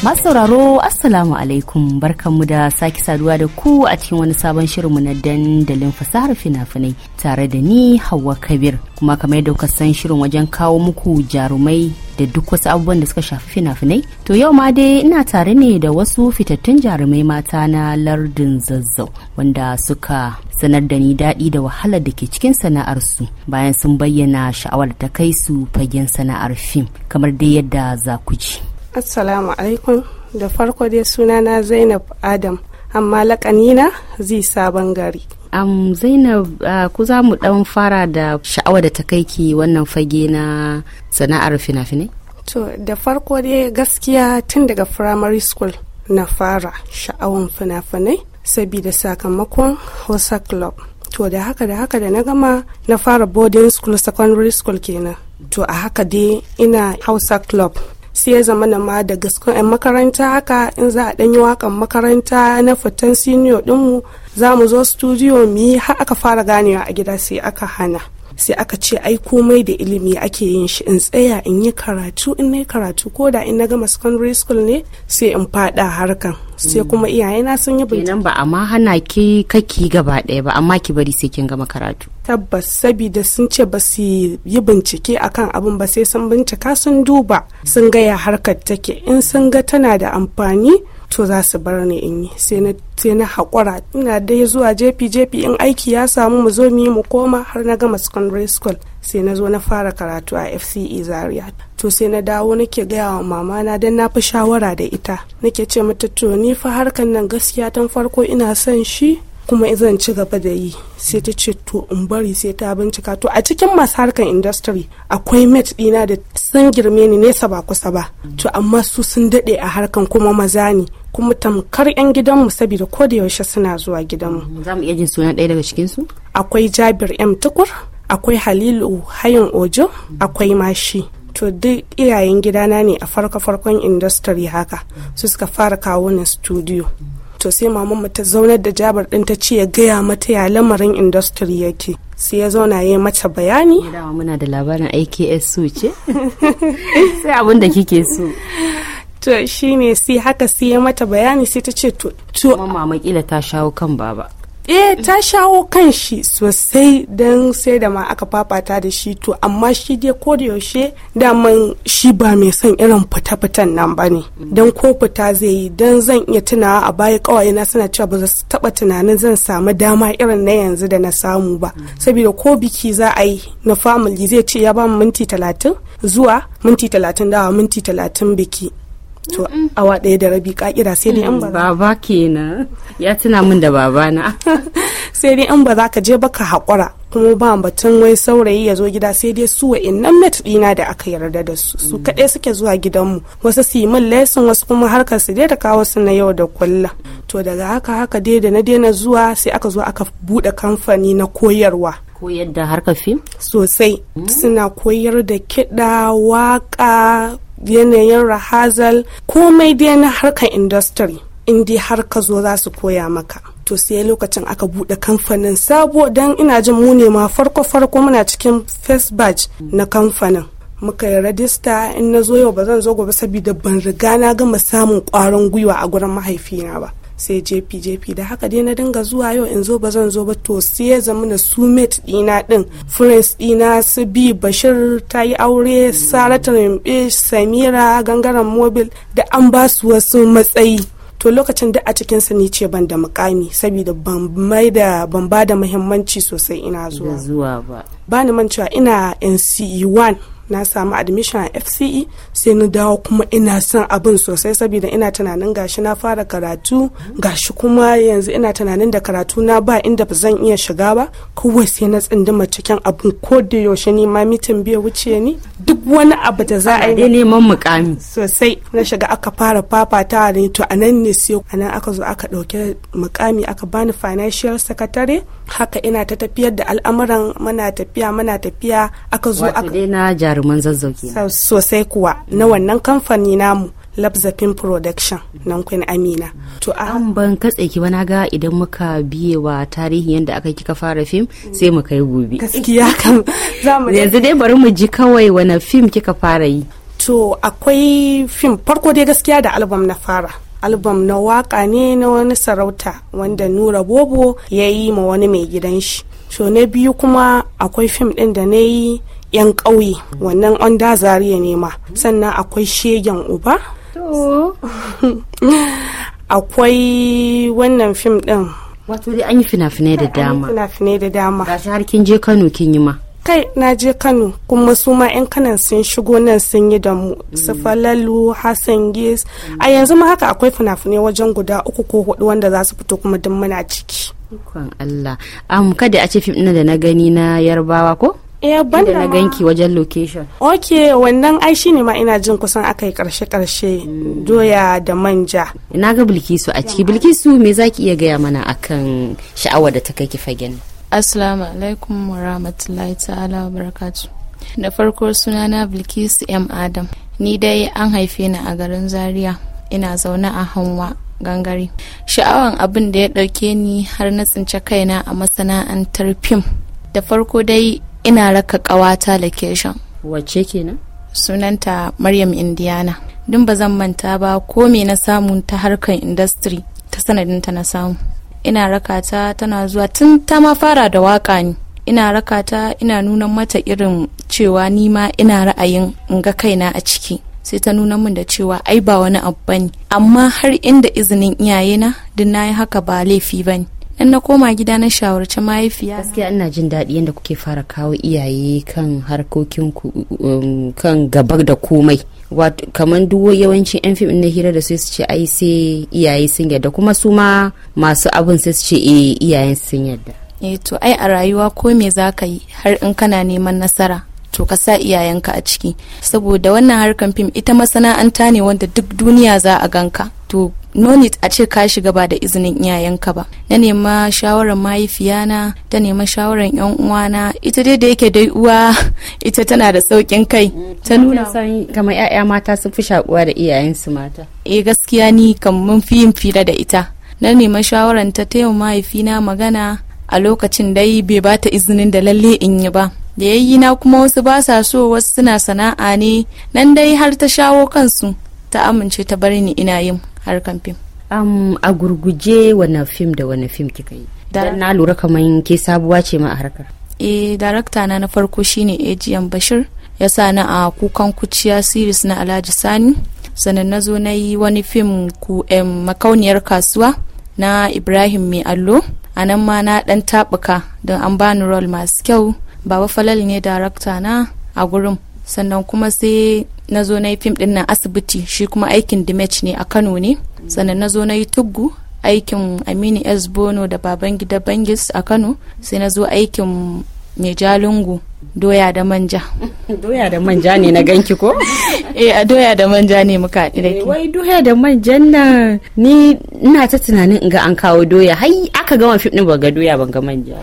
Masu sauraro Assalamu alaikum barkanmu da sake saduwa da ku a cikin wani sabon shirinmu na dandalin fasahar fina-finai tare da ni Hauwa Kabir kuma kamar yadda kuka san shirin wajen kawo muku jarumai da duk wasu abubuwan da suka shafi fina-finai to yau ma dai ina tare ne da wasu fitattun jarumai mata na lardin zazzau wanda suka sanar da ni daɗi da wahalar da ke cikin sana'arsu bayan sun bayyana sha'awar da ta kai su fagen sana'ar fim kamar dai yadda za ku ji. Assalamu alaikum da farko dai sunana Zainab Adam amma laƙanina zai sabon gari. Am Zainab uh, ku za mu ɗan fara da sha'awa da ta kai ki wannan fage na sana'ar fina-finai? To da farko dai gaskiya tun daga primary school na fara sha'awan fina-finai sabida sakamakon Hosa Club. To da haka da haka da na gama na fara boarding school secondary school kenan. To a haka dai ina Hausa Club sai ya zama ma da gaskon 'yan makaranta haka in za a ɗanyi wakan makaranta na fitan siniyo ɗinmu za mu zo studio mu yi har aka fara ganewa a gida sai aka hana sai aka ce ai komai da ilimi ake yin shi in tsaya in yi karatu in yi karatu ko da in na gama secondary school ne sai in fada harkan sai kuma hmm. iyayena sun yi bincike ba amma hana ki kaki gaba ɗaya ba amma ki bari sai kin gama karatu tabbas sabida sun ce ba su yi bincike akan abin ba sai sun bincika sun duba sun ga ya harkar take in sun ga tana da amfani to za su bar ni in yi sai na haƙura ina dai zuwa jefi jefi in aiki ya samu mu zo mu yi mu koma har na gama secondary school sai na zo na fara karatu a fce zaria to sai na dawo nake gaya wa mama na don na fi shawara da ita nake ce mata to ni fa harkan nan gaskiya tan farko ina son shi kuma zan ci gaba da yi sai ta ce to in bari sai ta bincika to a cikin masu harkar industry akwai met dina da sun girme ni nesa ba kusa ba to amma su sun dade a harkan kuma maza ne kuma tamkar 'yan gidanmu saboda ko da yaushe suna zuwa gidanmu za mu iya jin sunan ɗaya daga cikin su. akwai jabir m tukur akwai halilu hayin ojo akwai mashi to duk iyayen gidana ne a farko-farkon industry haka su suka fara kawo ni studio to sai mu ta zaunar da jabar din ta ce ya gaya mata ya lamarin industry yake sai ya zauna ya mata bayani dama muna da labarin aks su ce sai abin da kike so to shine sai haka sai ya mata bayani sai ta ce to to mama kila ta shawo kan baba eh ta shawo kan shi sosai don sai da ma aka fafata da shi to amma shi dai ko da yaushe daman shi ba mai son irin fita-fitan nan ba ne mm. don ko fita zai yi don zan iya tunawa a baya kawai na suna cewa ba za su taba tunanin zan samu dama irin na yanzu da na samu ba mm. saboda ko biki za a yi na family zai ce ya ba minti talatin zuwa minti talatin dawa minti talatin biki to awa ɗaya da rabi ka'ida sai dai an ba baba kenan ya tuna min da baba na sai dai an ba za ka je ba ka haƙura kuma ba batun wai saurayi ya zo gida sai dai su wa'innan met ɗina da aka yarda da su su kaɗai suke zuwa gidanmu wasu su yi min lesson wasu kuma harkar su dai da kawo su na yau da kullum to daga haka haka dai da na daina zuwa sai aka zo aka buɗe kamfani na koyarwa koyar da harkar fim sosai mm. suna koyar da kiɗa waƙa yanayin rahazal komai dai na harkar industry in dai har ka zo za su koya maka to sai lokacin aka bude kamfanin sabo don ina jin mu ne ma farko farko muna cikin first batch na kamfanin muka yi rajista in na zo yau ba zan zo gobe saboda ban riga na gama samun kwarin gwiwa a gurin mahaifina ba sai jefi jefi da haka dai na dinga zuwa yau in zo ba zan zo ba to sai ya zama na su mate dina din friends dina su bi bashir ta yi aure saratar rimbe samira gangaren mobil da an ba su wasu matsayi to lokacin da a cikinsa ni ce ban da mukami saboda ban mai da ban ba da muhimmanci sosai ina zuwa ba ni man cewa ina nce 1 na samu admission a fce sai na dawo kuma ina son abin sosai saboda ina tunanin gashi na fara karatu gashi kuma yanzu ina tunanin da karatu na ba inda ba zan iya shiga ba kawai sai na tsinduma cikin abin ko da yaushe ni ma mitin bai wuce ni duk wani abu da za a yi neman mukami sosai na shiga aka fara fafata ne to anan ne sai anan aka zo aka dauke mukami aka bani financial secretary haka ina ta tafiyar da al'amuran muna tafiya muna tafiya aka zo aka dai na jaruman zazzauki sosai kuwa na wannan kamfani namu labzafin production nan kun amina to an ban katse ki wani ga idan muka biye wa tarihi yadda aka kika fara fim sai mu kai gobe gaskiya kan zamu yanzu dai bari mu ji kawai wani fim kika fara yi to akwai fim farko dai gaskiya da album na fara albam na waka ne na wani sarauta wanda nura bobo ya yi ma wani mai gidan shi so na biyu kuma akwai fim din da na yi 'yan ƙauye wannan on da zariya ne ma sannan akwai shegen uba akwai wannan fim din. wato dai an yi fina-finai da dama fina-finai da har kin je kano kin yi ma kai na je kano kuma su ma 'yan kanan sun shigo nan sun yi da mu su falalu hassan gis a yanzu ma haka akwai fina-finai wajen guda uku ko hudu wanda za su fito kuma duk muna ciki Ikon Allah. kada a ce fim da na gani na yarbawa ko? Eh, banda na ganki wajen location. okay wannan ai shine ma ina jin kusan akai yi karshe-karshe hmm. doya da manja. Na ga Bilkisu a ciki. Bilkisu me zaki iya gaya mana akan sha'awar da ta kai ki fagen? Assalamu alaikum wa rahmatullahi ta'ala wa barakatu. Da farko sunana Bilkisu M. Adam. Ni dai an haife ni a garin Zaria, ina zaune a Hanwa gangare. Sha'awan abin da ya ɗauke ni har na tsince kaina a masana'antar fim. Da farko dai ina raka ƙawata da location. Wacce kenan? Sunanta Maryam Indiana. Dun ba zan manta ba ko me na samu ta harkar industry ta sanadinta na samu. ina rakata tana zuwa tun ta ma fara da waka ne ina rakata ina nuna mata irin cewa ni ma ina ra'ayin in ga kaina a ciki sai ta nuna min da cewa ai ba wani abu bane amma har inda izinin iyayena duk na yi haka ba laifi bane dan na koma gida na shawarci mahaifiya gaskiya ina jin daɗi yadda kuke fara kawo iyaye kan harkokin um, kan gaba da komai kamar duk yawancin yan fim na hira da sai su ce ai sai iyaye sun yarda kuma su ma masu abin sai su ce eh, iyayen sun yarda eh to ai a rayuwa ko me za ka yi har in kana neman nasara to ka sa iyayenka a ciki saboda wannan harkan fim ita masana'anta ne wanda duk duniya za a ganka to nonit a ce ka shiga ba da izinin iyayenka ba na nema shawarar mahaifiyana ta nema shawarar yan uwana ita dai da yake dai uwa ita tana da saukin kai ta nuna san kamar yaya mata sun fi shakuwa da iyayensu mata eh gaskiya ni kan mun fi yin fira da ita na nema shawarar ta ta mahaifina magana a lokacin dai bai ba ta izinin da lalle in yi ba da yayi na kuma wasu ba sa so wasu suna sana'a ne nan dai har ta shawo kansu ta amince ta bari ni ina yin harkan fim um, a gurguje wani fim da wani fim kika yi da na lura kamar ke sabuwa ce ma a harkar eh darakta na na farko shine AGM Bashir ya sa ni a kukan kuciya series na Alhaji Sani sannan na zo na yi wani fim ku makauniyar kasuwa na Ibrahim Mai Allo a nan ma na dan tabuka don an bani rol masu kyau baba falal ne darakta na a gurin sannan kuma sai na zo na yi fim din nan asibiti shi kuma aikin dimech ne a kano ne sannan na zo na yi tuggu aikin aminu s da babangida bangis a kano sai na zo aikin mai doya da manja doya da manja ne na ganki ko eh a doya da manja ne muka haɗu da eh, wai doya da manja nan ni ina ta tunanin in ga an kawo doya hai aka gama fim din ga doya ban ga manja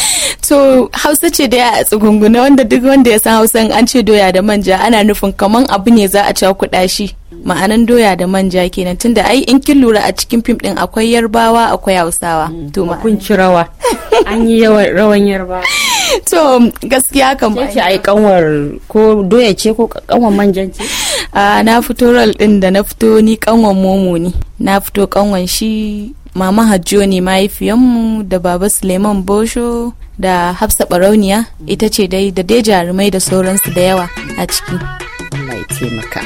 to hausa ce da a tsugunguna wanda duk wanda ya san hausa an ce doya da manja ana nufin kaman abu ne za a kuɗa shi ma'anan doya da manja kenan tunda ai in kin lura a cikin fim din akwai yarbawa akwai hausawa mm, to kun ci rawa an yi rawan yarbawa to gaskiya kam ai ai kanwar ko doya ce ko kanwar manjan ce a ah, na fito ral din da na fito ni kanwar momo ne na fito kanwar shi mama hajjo ne mahaifiyanmu da baba suleiman bosho da hafsa barauniya ita ce dai da dai jarumai da sauransu da yawa a ciki Allah ya taimaka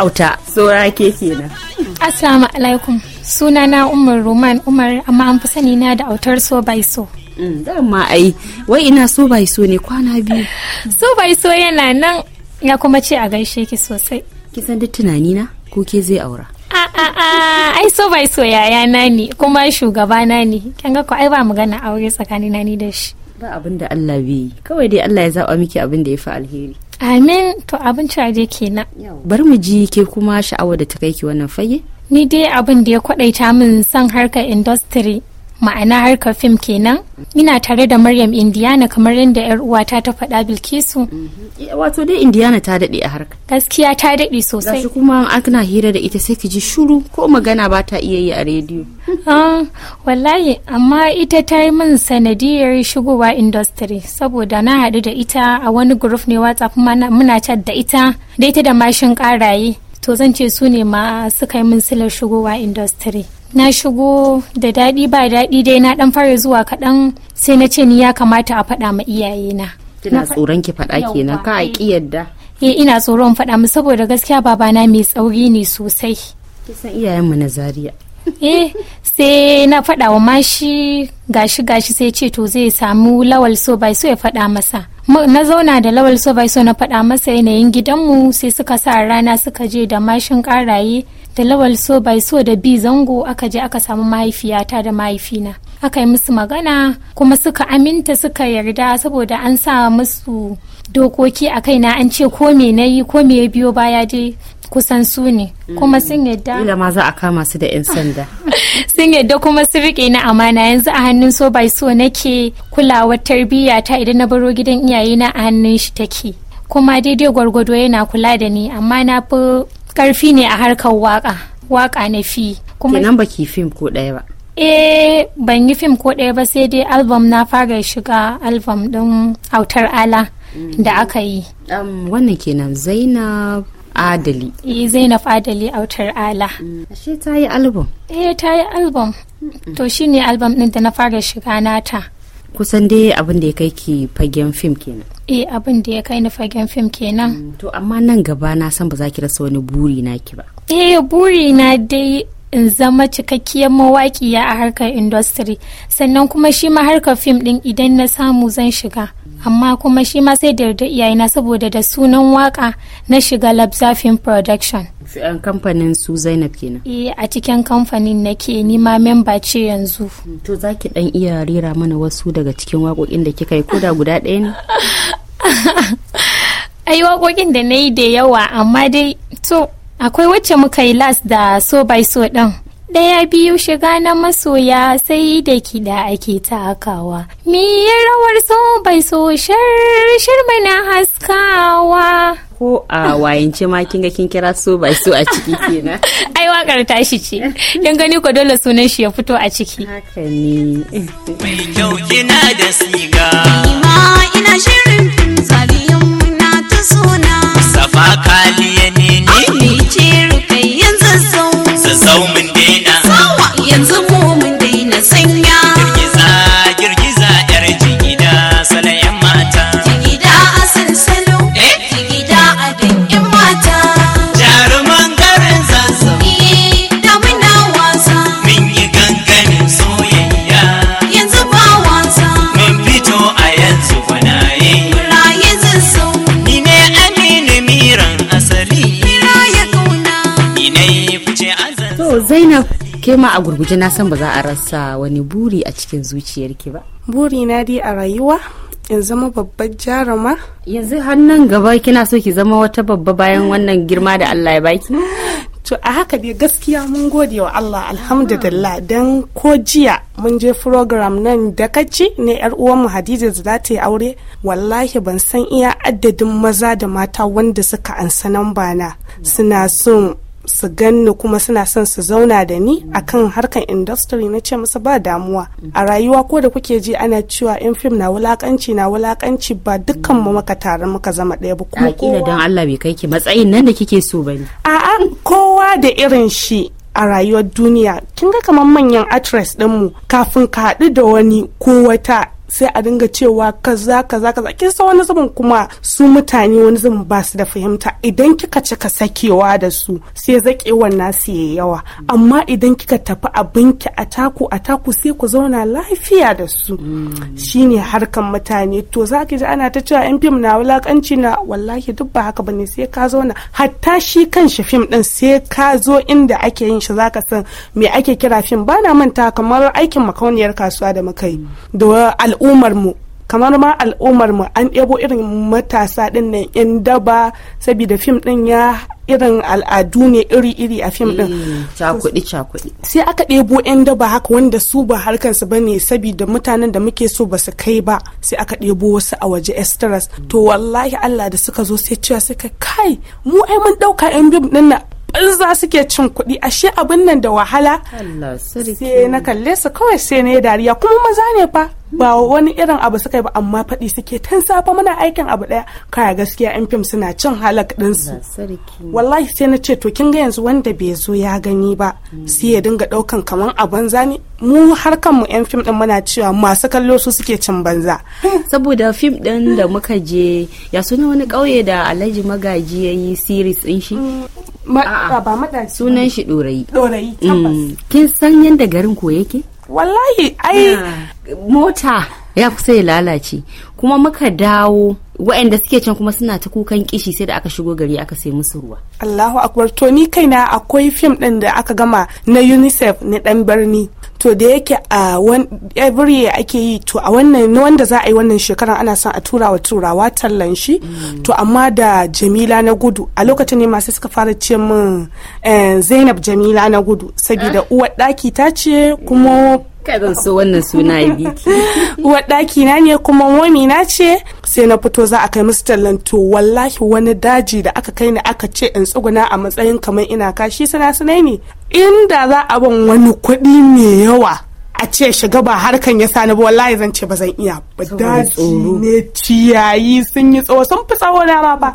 auta saura ke kenan assalamu alaikum sunana umar roman umar amma an fi sani na da autar so by so mm, dama ai wai ina so by so ne kwana biyu so by so yana nan ya kuma ce a gaishe ki sosai ki san duk tunani na ko ke zai aura a a a ai so by so yaya na ne kuma shugaba na ne kin ga ko ai ba magana aure tsakanin na ni da shi ba abin da Allah bai kawai dai Allah ya zaba miki abin da ya fi alheri Amin to abinci a je kenan. Bari mu ji ke kuma sha'awar da ta kai ki wannan fage? Ni dai abin da ya kwadaita min son harkar industry ma'ana harkar fim kenan ina tare da maryam indiana kamar yadda yar uwata ta faɗa bilkisu mm-hmm. wato dai indiana ta daɗe a harka gaskiya ta daɗe sosai gashi kuma ana hira da ita sai ki ji shuru ko magana ba ta iya yi a rediyo ah, wallahi amma ita ta yi min sanadiyar shigowa industry saboda na haɗu da ita a wani group ne whatsapp muna chat da ita da ita da mashin ƙaraye to zan ce su ne ma suka yi min silar shigowa industry na shigo da daɗi ba daɗi dai na ɗan fara zuwa kaɗan sai na ce ni ya kamata a faɗa ma iyayena. ina tsoron ki faɗa kenan ka a ƙi yadda. Eh ina tsoron faɗa mu saboda gaskiya babana mai tsauri ne sosai. Kisan iyayenmu na Zaria. eh sai na faɗa wa mashi gashi gashi sai ce to zai samu lawal so bai so ya faɗa masa. na zauna da lawal so bai so na faɗa masa yanayin gidanmu sai suka sa rana suka je da mashin ƙaraye da lawal so bai so da bi zango aka je aka samu mahaifiyata da mahaifina aka yi musu magana kuma suka aminta suka yarda saboda an sa musu dokoki a kaina an ce ko me na yi ko me ya biyo baya dai kusan su ne kuma mm. sun yadda ila ma za a kama su da yan sanda sun yadda kuma su rike na amana yanzu a hannun so bai so nake kulawar tarbiyya ta idan na baro gidan iyayena a hannun shi take kuma daidai gwargwado yana kula da ni amma na fi karfi ne a harkar waka waka na fi kuma nan baki fim ko ɗaya ba eh ban yi fim ko ɗaya ba sai dai album na fara shiga album ɗin autar ala mm. da aka yi um, wannan kenan zainab adali eh zainab adali autar ala ashe ta yi album eh ta yi album to shine album din da na fara shiga nata kusan dai abin da ya kai ki fagen fim kenan eh abin da ya kai ni fagen fim kenan mm, to amma nan gaba na san ba za ki rasa wani buri na ki ba eh burina dai in zama cikakkiyar mawaƙiya a harkar industry sannan kuma shi ma harkar fim din idan na samu zan shiga amma kuma shi ma sai da yarda iyayena saboda da sunan waka na shiga labza film production kamfanin su zainab kenan eh a cikin kamfanin nake ni ma memba ce yanzu hmm, to zaki dan iya rera mana wasu daga cikin waƙoƙin da kika yi koda guda ɗaya ne ai waƙoƙin da na yi da yawa amma dai to akwai wacce muka yi las da so by so ɗin ɗaya biyu shiga na masoya sai da kiɗa ake takawa. Miye rawar so bai so shir mana haskawa. Ko a wayance ma kinga kin kira so bai so a ciki kenan. Ai wakar tashi ce. don gani ko dole sunan shi ya fito a ciki. Haka ne. Mai kyau da siga. Zainab ke ma a gurguje na san ba za a rasa wani buri a cikin zuciyarki ba. Buri na dai a rayuwa in zama babbar jaruma. Yanzu hannun gaba kina so ki zama wata babba bayan wannan girma da Allah ya baki. To a haka dai gaskiya mun gode wa Allah alhamdulillah don ko jiya mun je program nan da kaci ne yar mu Hadiza za ta yi aure wallahi ban san iya adadin maza da mata wanda suka ansa nan bana suna son su ganni kuma suna son su zauna da ni akan harkan industry na ce musu ba damuwa a rayuwa ko da kuke ji ana cewa yan fim na wulakanci na wulakanci ba dukkan mu maka tare muka zama ɗaya ba kuma kowa don Allah bai kai ki matsayin nan da kike so bane a'a kowa da irin shi a rayuwar duniya kin ga kamar manyan actress mu kafin ka haɗu da wani ko wata sai a dinga cewa kaza kaza kaza kin san wani zubin kuma su mutane wani zubin ba su da fahimta idan kika cika sakewa da su sai zakewan nasu yayi yawa amma idan kika tafi abinki a taku a taku sai ku zauna lafiya da su shine harkan mutane to za ki ji ana ta cewa yan fim na wulakanci na wallahi duk ba haka bane sai ka zauna hatta shi kanshi fim din sai ka zo inda ake yin shi zaka san me ake kira fim bana manta kamar aikin makauniyar kasuwa da muka yi da al'ummar mu kamar ma al'ummar mu an ɗebo irin matasa ɗin nan in daba saboda fim ɗin ya irin al'adu ne iri-iri a fim ɗin. Eh, cakuɗi cakuɗi. Sai aka ɗebo yan daba haka wanda su ba harkarsu ba ne saboda mutanen da muke so ba su kai ba sai aka ɗebo wasu a waje extras. To wallahi Allah da suka zo sai cewa suka kai mu ai mun ɗauka yan bim ɗin nan banza suke cin kuɗi ashe abin nan da wahala sai na kalle su kawai sai na yi dariya kuma maza ne fa ba wani irin abu suka yi ba amma faɗi suke tun safa muna aikin abu ɗaya kaya gaskiya yan fim suna cin halak ɗinsu wallahi sai na ce to kin ga yanzu wanda bai zo ya gani ba sai ya dinga ɗaukan kaman a banza ne mu har kanmu yan fim ɗin muna cewa masu kallo su suke cin banza saboda fim ɗin da muka je ya suna wani ƙauye da alhaji magaji ya yi series ɗin shi ba madaci sunan shi ɗorayi ɗorayi mm. tabbas kin san yadda garin ko yake wallahi ai mota ya kusa ya lalace kuma muka dawo waɗanda suke can kuma suna ta kukan kishi sai da aka shigo gari aka sai musu ruwa. Allahu akbar to ni kaina akwai fim ɗin da aka gama na UNICEF na ɗan birni to da yake a every year ake yi to a wannan na wanda za a yi wannan shekarar ana son a turawa turawa tallan shi mm. to amma da Jamila na gudu a lokacin ne masu suka fara ce min eh, Zainab Jamila na gudu saboda eh? uwar ɗaki ta ce kuma kada so wannan suna biki waɗaki na ne kuma momi na ce sai na fito za a kai musu tallan to wallahi wani daji da aka kai ni aka ce in tsuguna a matsayin kamar ina kashi suna suna ne inda za a ban wani kuɗi mai yawa a ce shiga ba harkan ya sani ba wallahi zan ce ba zan iya ba daji ne ciyayi sun yi tsawo sun fi tsawo na ba ba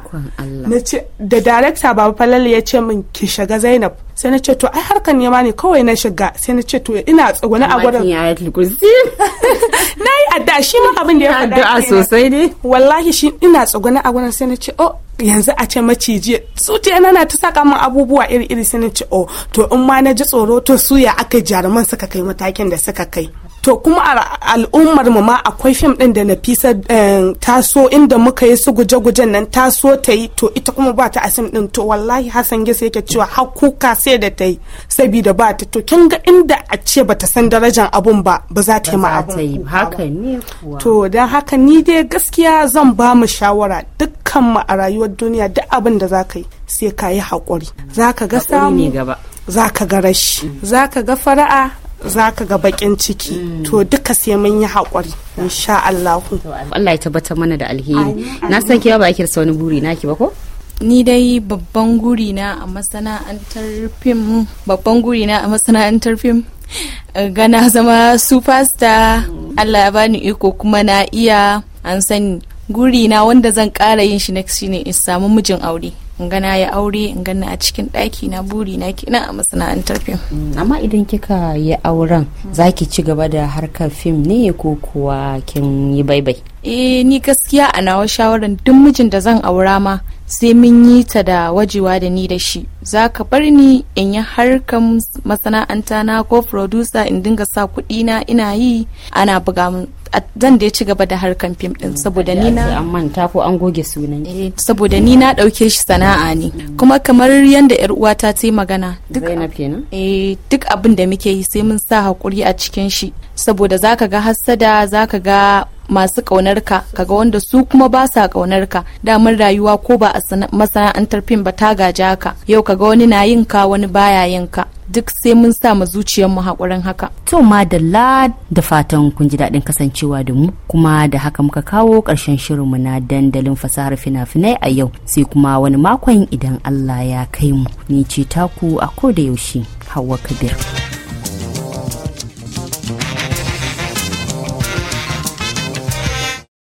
na ce da darekta baba falalu ya ce min ki shiga zainab sai na ce to ai harkan nema ne kawai na shiga sai na ce to ina tsuguna a gurin ya kursi na yi adda shi ma abin da ya faɗa addu'a sosai ne wallahi shi ina tsuguna a gurin sai na ce oh yanzu a ce maciji yana na ta saka min abubuwa iri iri sai na ce oh to in ma na ji tsoro to suya aka jaruman suka kai matakin da suka kai to kuma al'ummar mu ma akwai fim din da Nafisa eh, taso inda muka yi su guje-gujen nan taso ta yi to ita kuma ba ta asim din to wallahi Hassan Gisa yake cewa hakuka sai da ta yi saboda ba ta to kin ga inda a ce ba ta san darajar abun ba ba za ta yi ma abun to dan haka ni dai gaskiya zan ba mu shawara dukkan mu a rayuwar duniya duk abin da za ka yi sai ka yi haƙuri za ka ga samu za ka ga rashi za ka ga fara'a za ka ga bakin ciki mm. to duka sai mun yi hakuri insha Allah Allah ya tabbatar mana da alheri na san kiwa ba ake da wani buri naki ba ko ni dai babban gurina a masana'antar fim babban na a masana'antar fim gana zama superstar allah ya bani iko kuma na iya an sani na wanda zan ƙara yin shi next shine in samu mijin aure in ga na aure in gana a cikin ɗaki na buri na kina a masana'antar fim. Mm, amma idan kika yi auren za ki ci gaba da harkar fim ne ko kuwa kin yi baibai. eh ni gaskiya a nawa shawarar duk mijin da zan aura ma sai mun yi ta da wajewa da ni da shi za ka bar ni in yi harkar masana'anta na ko producer in dinga sa kuɗi na ina yi ana buga mun zan dai ci gaba da harkan fim din mm, saboda ni na an manta ko an goge sunan eh, saboda ni na dauke shi sana'a ne mm. kuma kamar yanda yar uwata ta yi magana duk eh duk abin da muke yi sai mun sa hakuri a cikin shi saboda zaka ga hassada zaka ga masu kaunar ka kaga wanda su kuma ba sa kaunar ka damar rayuwa ko ba a masana'antar fim ba ta gaja ka yau kaga wani na yin ka wani baya yin ka duk sai mun sa ma mu haƙurin haka. To madalla da fatan kun ji daɗin kasancewa da mu kuma da haka muka kawo ƙarshen shirinmu na dandalin fasahar fina-finai a yau sai kuma wani makon idan Allah ya kai mu. Ni ce taku a ko da yaushe hawa Kabir.